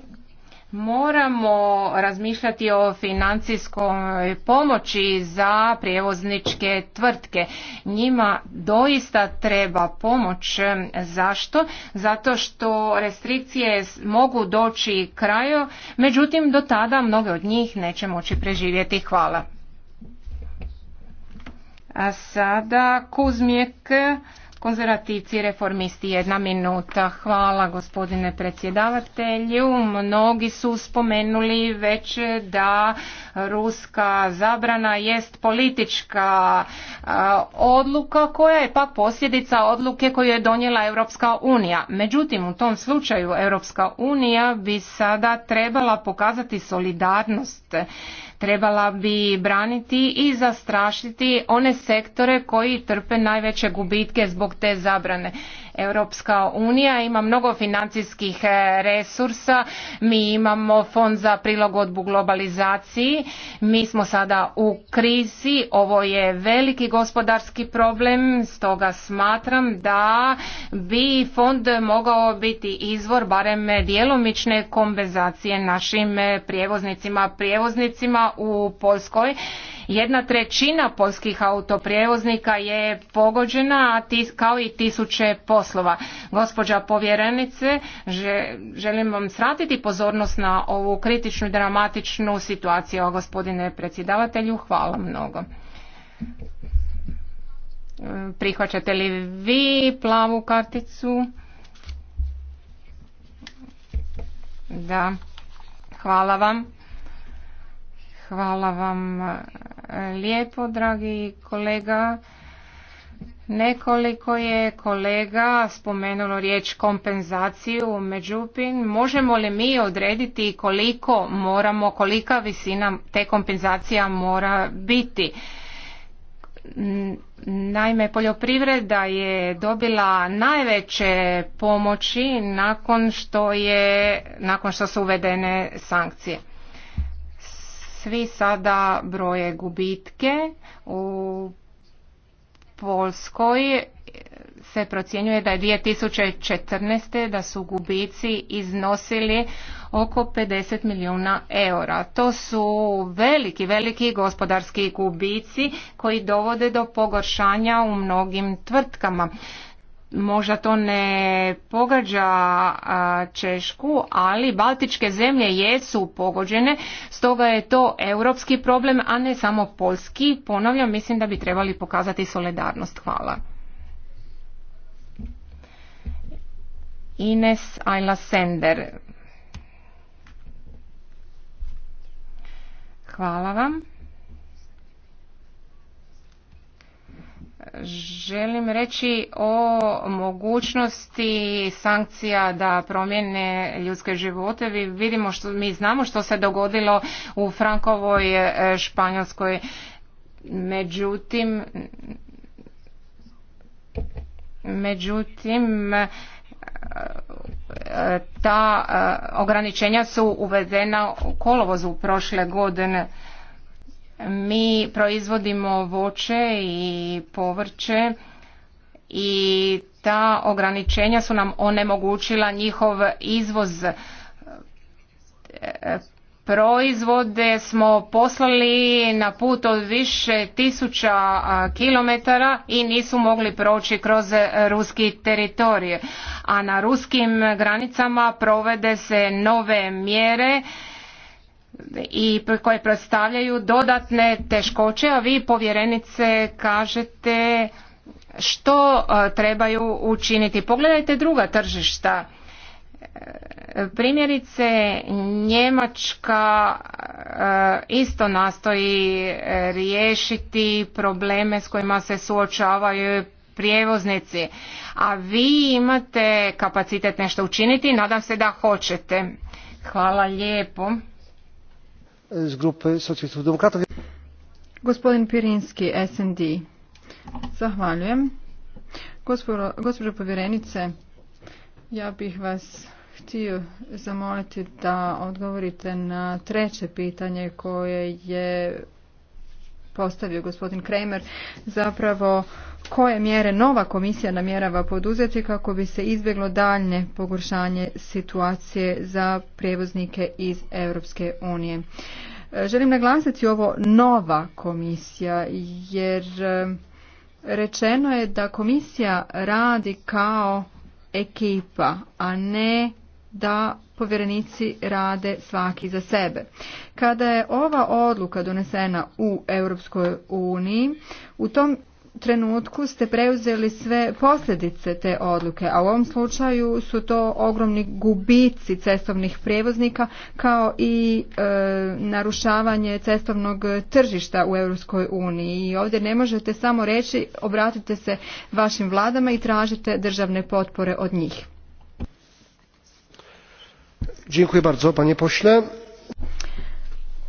Moramo razmišljati o financijskoj pomoći za prijevozničke tvrtke. Njima doista treba pomoć. Zašto? Zato što restrikcije mogu doći kraju, međutim do tada mnoge od njih neće moći preživjeti. Hvala. A sada Kuzmijek konzervativci i reformisti. Jedna minuta. Hvala gospodine predsjedavatelju. Mnogi su spomenuli već da ruska zabrana jest politička odluka koja je pa posljedica odluke koju je donijela Europska unija. Međutim, u tom slučaju Europska unija bi sada trebala pokazati solidarnost trebala bi braniti i zastrašiti one sektore koji trpe najveće gubitke zbog te zabrane Europska unija ima mnogo financijskih e, resursa, mi imamo fond za prilagodbu globalizaciji, mi smo sada u krizi, ovo je veliki gospodarski problem, stoga smatram da bi fond mogao biti izvor barem djelomične kompenzacije našim e, prijevoznicima, prijevoznicima u Poljskoj jedna trećina poljskih autoprijevoznika je pogođena kao i tisuće poslova. Gospođa povjerenice, želim vam sratiti pozornost na ovu kritičnu i dramatičnu situaciju. Gospodine predsjedavatelju, hvala mnogo. Prihvaćate li vi plavu karticu? Da. Hvala vam. Hvala vam e, lijepo, dragi kolega. Nekoliko je kolega spomenulo riječ kompenzaciju, međutim, možemo li mi odrediti koliko moramo, kolika visina te kompenzacija mora biti? Naime, poljoprivreda je dobila najveće pomoći nakon što, je, nakon što su uvedene sankcije svi sada broje gubitke u Polskoj se procjenjuje da je 2014. da su gubici iznosili oko 50 milijuna eura. To su veliki, veliki gospodarski gubici koji dovode do pogoršanja u mnogim tvrtkama možda to ne pogađa Češku, ali Baltičke zemlje jesu pogođene, stoga je to europski problem, a ne samo polski. Ponavljam, mislim da bi trebali pokazati solidarnost. Hvala. Ines Ayla Sender. Hvala vam. želim reći o mogućnosti sankcija da promijene ljudske živote. vidimo što, mi znamo što se dogodilo u Frankovoj e, Španjolskoj. Međutim, međutim e, ta e, ograničenja su uvedena u kolovozu prošle godine. Mi proizvodimo voće i povrće i ta ograničenja su nam onemogućila njihov izvoz e, proizvode smo poslali na put od više tisuća kilometara i nisu mogli proći kroz ruski teritorij. A na ruskim granicama provede se nove mjere i koje predstavljaju dodatne teškoće, a vi povjerenice kažete što e, trebaju učiniti. Pogledajte druga tržišta. E, primjerice, Njemačka e, isto nastoji riješiti probleme s kojima se suočavaju prijevoznici, a vi imate kapacitet nešto učiniti, nadam se da hoćete. Hvala lijepo. Gospodin Pirinski, SND. Zahvaljujem. gospođo povjerenice, ja bih vas htio zamoliti da odgovorite na treće pitanje koje je postavio gospodin Kramer, zapravo koje mjere nova komisija namjerava poduzeti kako bi se izbjeglo daljnje pogoršanje situacije za prijevoznike iz Europske unije. E, želim naglasiti ovo nova komisija jer e, rečeno je da komisija radi kao ekipa, a ne da povjerenici rade svaki za sebe. Kada je ova odluka donesena u Europskoj uniji, u tom trenutku ste preuzeli sve posljedice te odluke, a u ovom slučaju su to ogromni gubici cestovnih prijevoznika kao i e, narušavanje cestovnog tržišta u Europskoj uniji. I ovdje ne možete samo reći obratite se vašim vladama i tražite državne potpore od njih. Dziękuję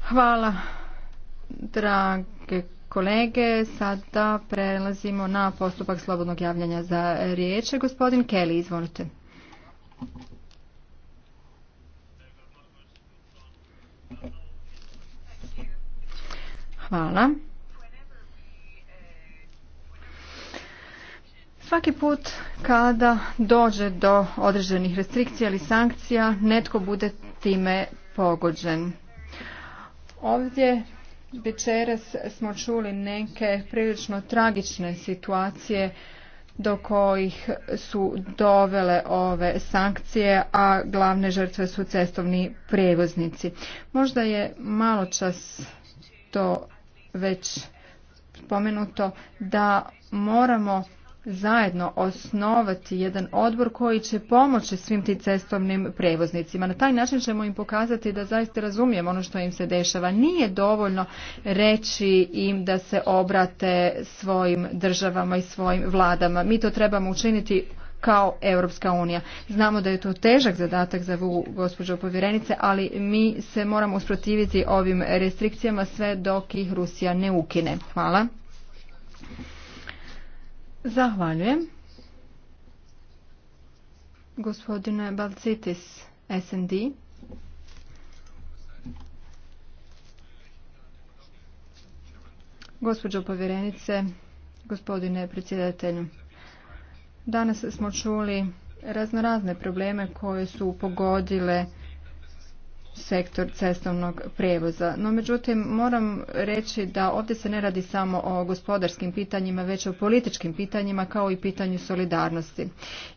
Hvala, drage kolege. Sada prelazimo na postupak slobodnog javljanja za riječ. Gospodin Kelly, izvolite. Hvala. Svaki put kada dođe do određenih restrikcija ili sankcija, netko bude time pogođen. Ovdje večeras smo čuli neke prilično tragične situacije do kojih su dovele ove sankcije, a glavne žrtve su cestovni prijevoznici. Možda je malo čas to već spomenuto da moramo zajedno osnovati jedan odbor koji će pomoći svim tim cestovnim prevoznicima. Na taj način ćemo im pokazati da zaista razumijemo ono što im se dešava. Nije dovoljno reći im da se obrate svojim državama i svojim vladama. Mi to trebamo učiniti kao Europska unija. Znamo da je to težak zadatak za vu gospođo povjerenice, ali mi se moramo usprotiviti ovim restrikcijama sve dok ih Rusija ne ukine. Hvala. Zahvaljujem. Gospodine Balcitis, SND. Gospođo povjerenice, gospodine predsjedatelju. Danas smo čuli raznorazne probleme koje su pogodile sektor cestovnog prijevoza. No međutim moram reći da ovdje se ne radi samo o gospodarskim pitanjima, već o političkim pitanjima kao i pitanju solidarnosti.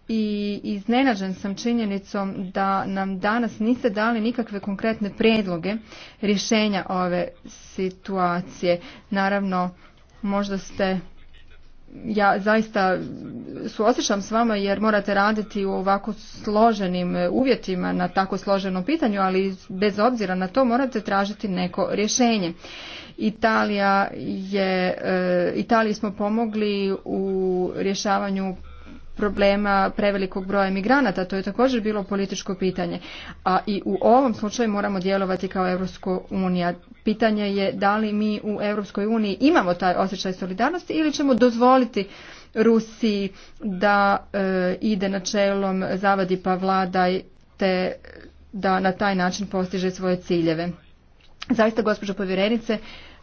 I iznenađen sam činjenicom da nam danas niste dali nikakve konkretne prijedloge rješenja ove situacije. Naravno možda ste ja zaista suosjećam s vama jer morate raditi u ovako složenim e, uvjetima na tako složenom pitanju, ali bez obzira na to morate tražiti neko rješenje. Italija je, e, Italiji smo pomogli u rješavanju problema prevelikog broja emigranata. To je također bilo političko pitanje. A i u ovom slučaju moramo djelovati kao Europska unija. Pitanje je da li mi u Europskoj uniji imamo taj osjećaj solidarnosti ili ćemo dozvoliti Rusiji da e, ide čelom, zavadi pa vladaj te da na taj način postiže svoje ciljeve. Zaista, gospođo povjerenice,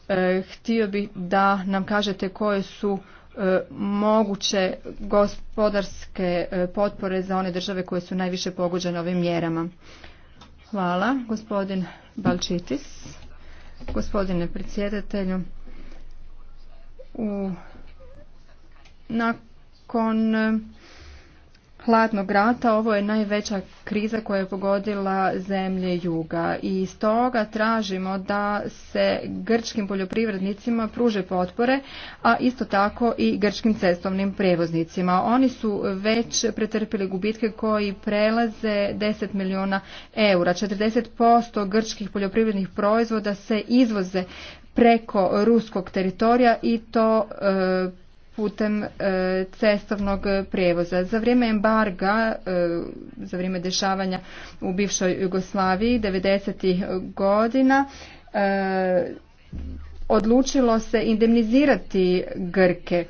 e, htio bih da nam kažete koje su E, moguće gospodarske e, potpore za one države koje su najviše pogođene ovim mjerama. Hvala, gospodin Balčitis. Gospodine predsjedatelju, u, nakon hladnog rata ovo je najveća kriza koja je pogodila zemlje juga i stoga tražimo da se grčkim poljoprivrednicima pruže potpore, a isto tako i grčkim cestovnim prijevoznicima. Oni su već pretrpili gubitke koji prelaze 10 milijuna eura. 40% grčkih poljoprivrednih proizvoda se izvoze preko ruskog teritorija i to e, putem e, cestovnog prijevoza. Za vrijeme embarga, e, za vrijeme dešavanja u bivšoj Jugoslaviji 90. godina e, odlučilo se indemnizirati Grke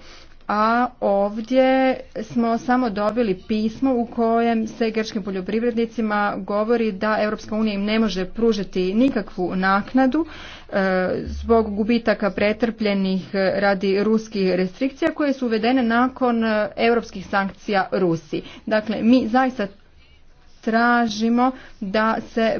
a ovdje smo samo dobili pismo u kojem se grčkim poljoprivrednicima govori da Europska unija im ne može pružiti nikakvu naknadu e, zbog gubitaka pretrpljenih radi ruskih restrikcija koje su uvedene nakon e, europskih sankcija Rusi. Dakle, mi zaista tražimo da se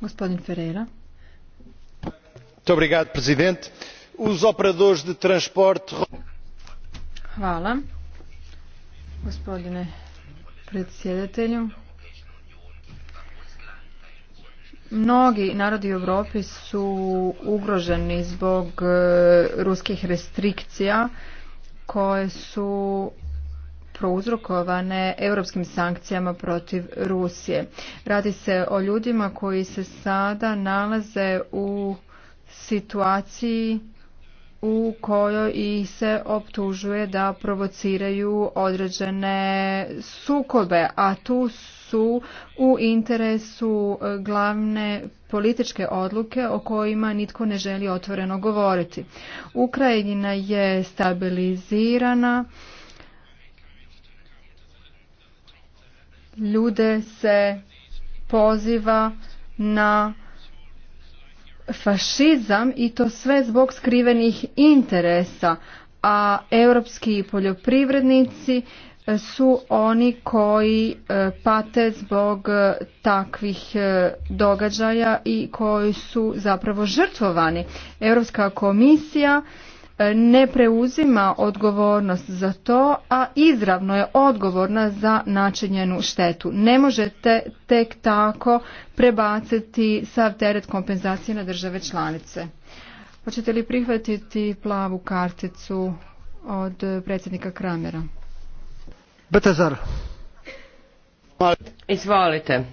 Gospodin Ferreira. Obrigado, presidente. Os operadores de Hvala. Gospodine predsjedatelju. Mnogi narodi u Europi su ugroženi zbog eh, ruskih restrikcija koje su prouzrokovane europskim sankcijama protiv Rusije. Radi se o ljudima koji se sada nalaze u situaciji u kojoj ih se optužuje da provociraju određene sukobe, a tu su u interesu glavne političke odluke o kojima nitko ne želi otvoreno govoriti. Ukrajina je stabilizirana ljude se poziva na fašizam i to sve zbog skrivenih interesa, a europski poljoprivrednici e, su oni koji e, pate zbog e, takvih događaja i koji su zapravo žrtvovani. Europska komisija ne preuzima odgovornost za to, a izravno je odgovorna za načinjenu štetu. Ne možete tek tako prebaciti sav teret kompenzacije na države članice. Hoćete li prihvatiti plavu karticu od predsjednika Kramera? Betazar. Izvolite.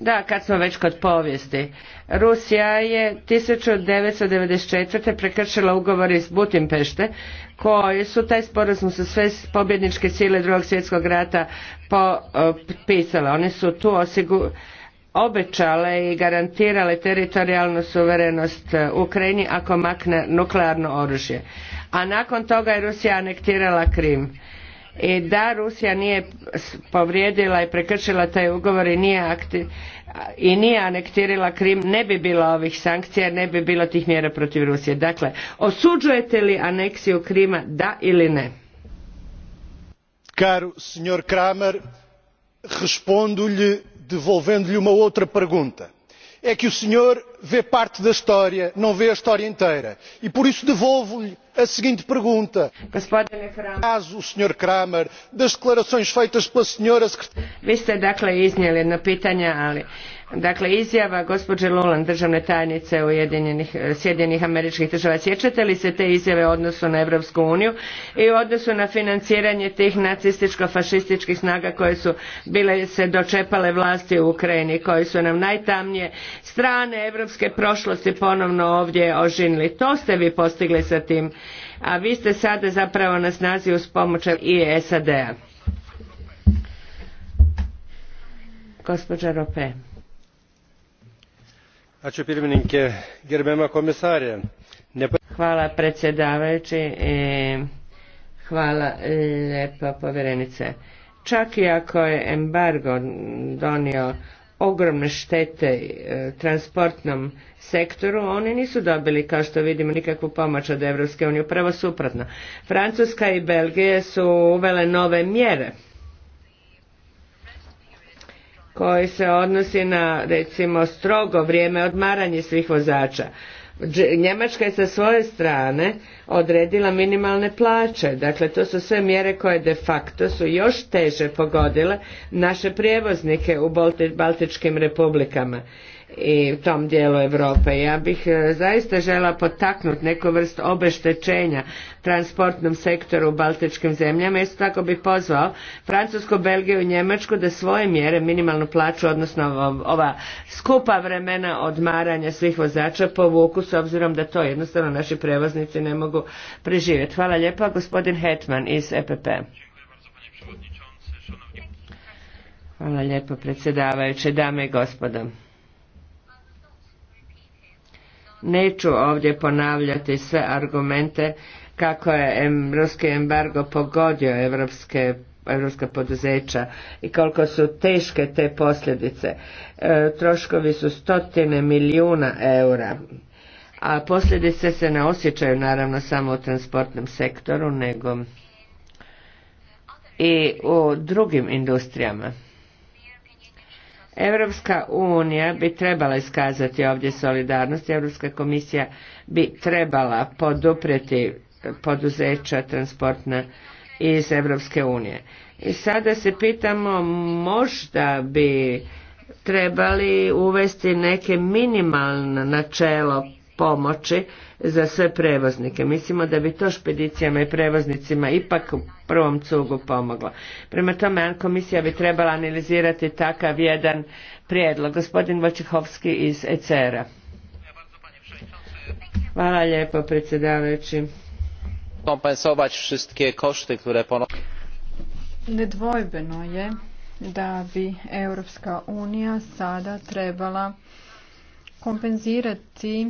Da, kad smo već kod povijesti. Rusija je 1994. prekršila ugovor iz Butimpešte koji su taj sporazum sa sve pobjedničke sile drugog svjetskog rata potpisale. E, One su tu obećale i garantirale teritorijalnu suverenost e, Ukrajini ako makne nuklearno oružje. A nakon toga je Rusija anektirala Krim i da Rusija nije povrijedila i prekršila taj ugovor i nije aktiv, i nije anektirala Krim ne bi bilo ovih sankcija, ne bi bilo tih mjera protiv Rusije. Dakle, osuđujete li aneksiju Krima da ili ne? Caro Sr. Kramer, respondo-lhe devolvendo-lhe uma outra pergunta é que o senhor vê parte da história não vê a história inteira e por isso devolvo lhe a seguinte pergunta caso o senhor cramer das declarações feitas pela senhora secretária. vi dakle Dakle, izjava gospođe Lulan, državne tajnice Ujedinjenih, Sjedinjenih američkih država. Sjećate li se te izjave u odnosu na Europsku uniju i u odnosu na financiranje tih nacističko-fašističkih snaga koje su bile se dočepale vlasti u Ukrajini, koji su nam najtamnije strane europske prošlosti ponovno ovdje ožinili. To ste vi postigli sa tim, a vi ste sada zapravo na snazi uz pomoć i SAD-a. Pa- hvala predsjedavajući i hvala e, lijepa povjerenice. Čak i ako je embargo donio ogromne štete e, transportnom sektoru, oni nisu dobili, kao što vidimo, nikakvu pomoć od Europske unije. Upravo suprotno. Francuska i Belgije su uvele nove mjere koji se odnosi na recimo strogo vrijeme odmaranje svih vozača. Njemačka je sa svoje strane odredila minimalne plaće, dakle to su sve mjere koje de facto su još teže pogodile naše prijevoznike u Baltičkim republikama i tom dijelu Europe. Ja bih e, zaista žela potaknuti neku vrstu obeštećenja transportnom sektoru u baltičkim zemljama. Isto tako bih pozvao Francusku, Belgiju i Njemačku da svoje mjere minimalnu plaću, odnosno ova skupa vremena odmaranja svih vozača povuku s obzirom da to jednostavno naši prevoznici ne mogu preživjeti. Hvala lijepa gospodin Hetman iz EPP. Hvala lijepo predsjedavajući dame i gospodo. Neću ovdje ponavljati sve argumente kako je ruski embargo pogodio evropske europska poduzeća i koliko su teške te posljedice. E, troškovi su stotine milijuna eura, a posljedice se ne osjećaju naravno samo u transportnom sektoru, nego i u drugim industrijama. Europska unija bi trebala iskazati ovdje solidarnost, Europska komisija bi trebala poduprijeti poduzeća transportna iz Europske unije. I sada se pitamo možda bi trebali uvesti neke minimalno načelo pomoći za sve prevoznike. Mislimo da bi to špedicijama i prevoznicima ipak u prvom cugu pomoglo. Prema tome, komisija bi trebala analizirati takav jedan prijedlog. Gospodin Vočihovski iz ECR-a. Hvala lijepo, predsjedavajući. Kompensovać Nedvojbeno je da bi Europska unija sada trebala kompenzirati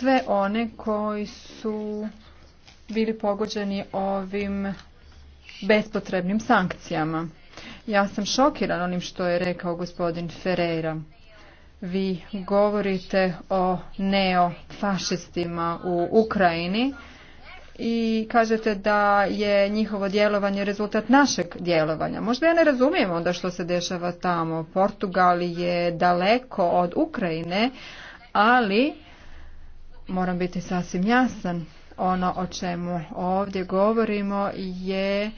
sve one koji su bili pogođeni ovim bespotrebnim sankcijama. Ja sam šokiran onim što je rekao gospodin Ferreira. Vi govorite o neofašistima u Ukrajini i kažete da je njihovo djelovanje rezultat našeg djelovanja. Možda ja ne razumijem onda što se dešava tamo. Portugal je daleko od Ukrajine, ali moram biti sasvim jasan. Ono o čemu ovdje govorimo je e,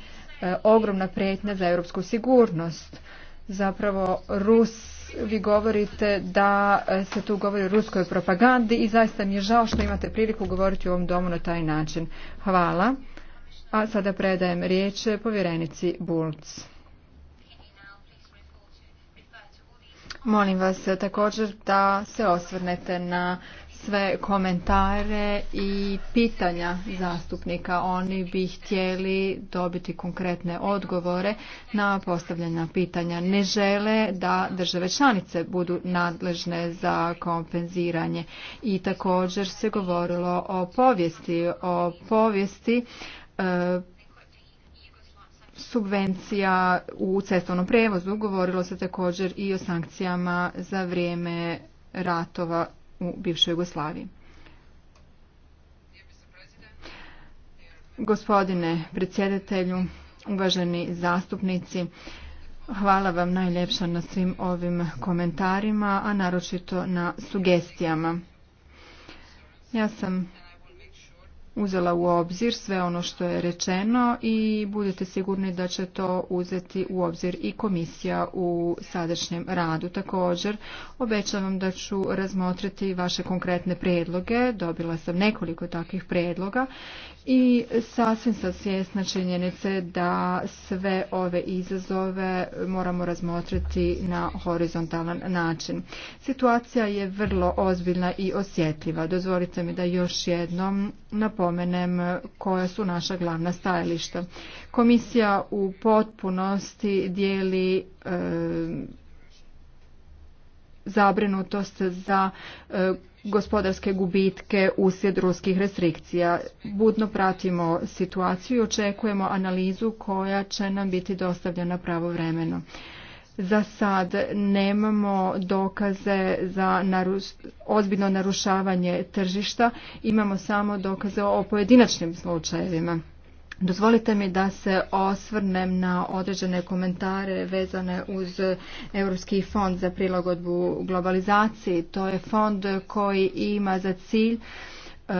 ogromna prijetnja za europsku sigurnost. Zapravo Rus, vi govorite da e, se tu govori o ruskoj propagandi i zaista mi je žao što imate priliku govoriti u ovom domu na taj način. Hvala. A sada predajem riječ povjerenici Bulc. Molim vas e, također da se osvrnete na sve komentare i pitanja zastupnika. Oni bi htjeli dobiti konkretne odgovore na postavljena pitanja. Ne žele da države članice budu nadležne za kompenziranje. I također se govorilo o povijesti, o povijesti e, subvencija u cestovnom prevozu. Govorilo se također i o sankcijama za vrijeme ratova u bivšoj Jugoslaviji. Gospodine predsjedatelju, uvaženi zastupnici, hvala vam najljepša na svim ovim komentarima, a naročito na sugestijama. Ja sam uzela u obzir sve ono što je rečeno i budete sigurni da će to uzeti u obzir i komisija u sadašnjem radu. Također obećavam da ću razmotriti vaše konkretne predloge. dobila sam nekoliko takvih predloga i sasvim sam svjesna činjenice da sve ove izazove moramo razmotriti na horizontalan način. Situacija je vrlo ozbiljna i osjetljiva. Dozvolite mi da još jednom napomenem koja su naša glavna stajališta. Komisija u potpunosti dijeli zabrinutost za e, gospodarske gubitke uslijed ruskih restrikcija. Budno pratimo situaciju i očekujemo analizu koja će nam biti dostavljena pravovremeno. Za sad nemamo dokaze za ozbiljno narušavanje tržišta, imamo samo dokaze o pojedinačnim slučajevima. Dozvolite mi da se osvrnem na određene komentare vezane uz Europski fond za prilagodbu globalizaciji. To je fond koji ima za cilj e,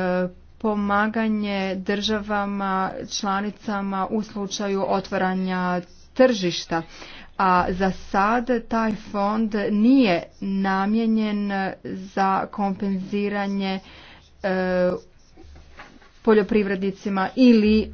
pomaganje državama, članicama u slučaju otvaranja tržišta. A za sad taj fond nije namijenjen za kompenziranje e, poljoprivrednicima ili e,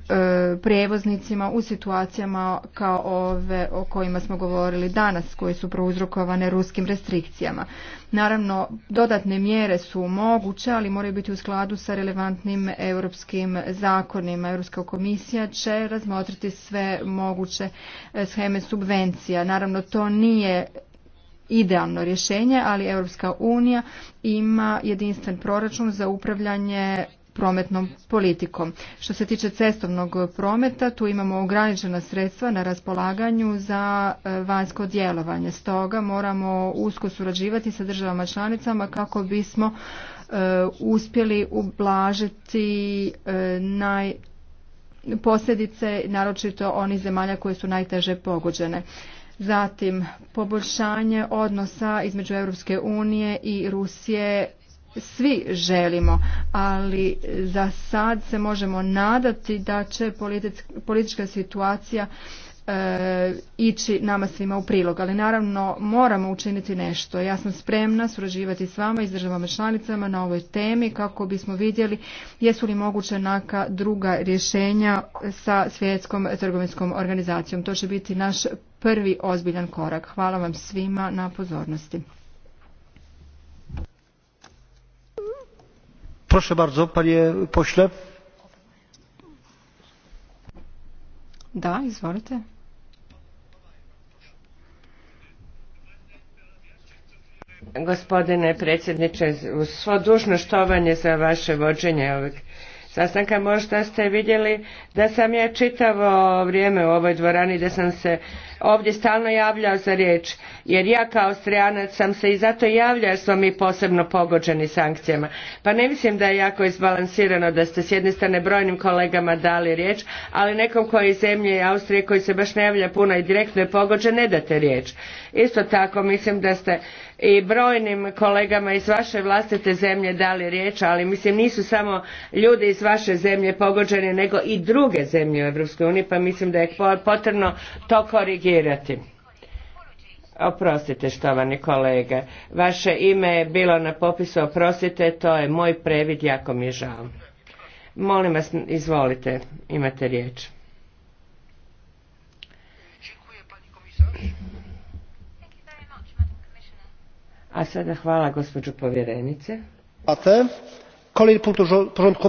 prijevoznicima u situacijama kao ove o kojima smo govorili danas koje su prouzrokovane ruskim restrikcijama. Naravno, dodatne mjere su moguće, ali moraju biti u skladu sa relevantnim europskim zakonima. Europska komisija će razmotriti sve moguće e, scheme subvencija. Naravno, to nije idealno rješenje, ali Europska unija ima jedinstven proračun za upravljanje prometnom politikom. Što se tiče cestovnog prometa, tu imamo ograničena sredstva na raspolaganju za e, vanjsko djelovanje. Stoga moramo usko surađivati sa državama članicama kako bismo e, uspjeli ublažiti e, naj posljedice, naročito onih zemalja koje su najteže pogođene. Zatim, poboljšanje odnosa između Europske unije i Rusije svi želimo, ali za sad se možemo nadati da će politička situacija e, ići nama svima u prilog, ali naravno moramo učiniti nešto. Ja sam spremna surađivati s vama i s državama članicama na ovoj temi kako bismo vidjeli jesu li moguće naka druga rješenja sa svjetskom trgovinskom organizacijom. To će biti naš prvi ozbiljan korak. Hvala vam svima na pozornosti. Proszę bardzo, panie pośle. Da, izvolite. Gospodine predsjedniče, uz svo dužno štovanje za vaše vođenje ovog sastanka. Možda ste vidjeli da sam ja čitavo vrijeme u ovoj dvorani, da sam se ovdje stalno javljao za riječ, jer ja kao Austrijanac sam se i zato javljao jer smo mi posebno pogođeni sankcijama. Pa ne mislim da je jako izbalansirano da ste s jedne strane brojnim kolegama dali riječ, ali nekom koji je iz zemlje Austrije koji se baš ne javlja puno i direktno je pogođen ne date riječ. Isto tako mislim da ste i brojnim kolegama iz vaše vlastite zemlje dali riječ ali mislim nisu samo ljudi iz vaše zemlje pogođeni nego i druge zemlje u europskoj uniji pa mislim da je potrebno to korigirati. Oprostite štovani kolega, vaše ime je bilo na popisu, oprostite, to je moj previd, jako mi je žao. Molim vas, izvolite, imate riječ. A sada hvala gospođo povjerenice.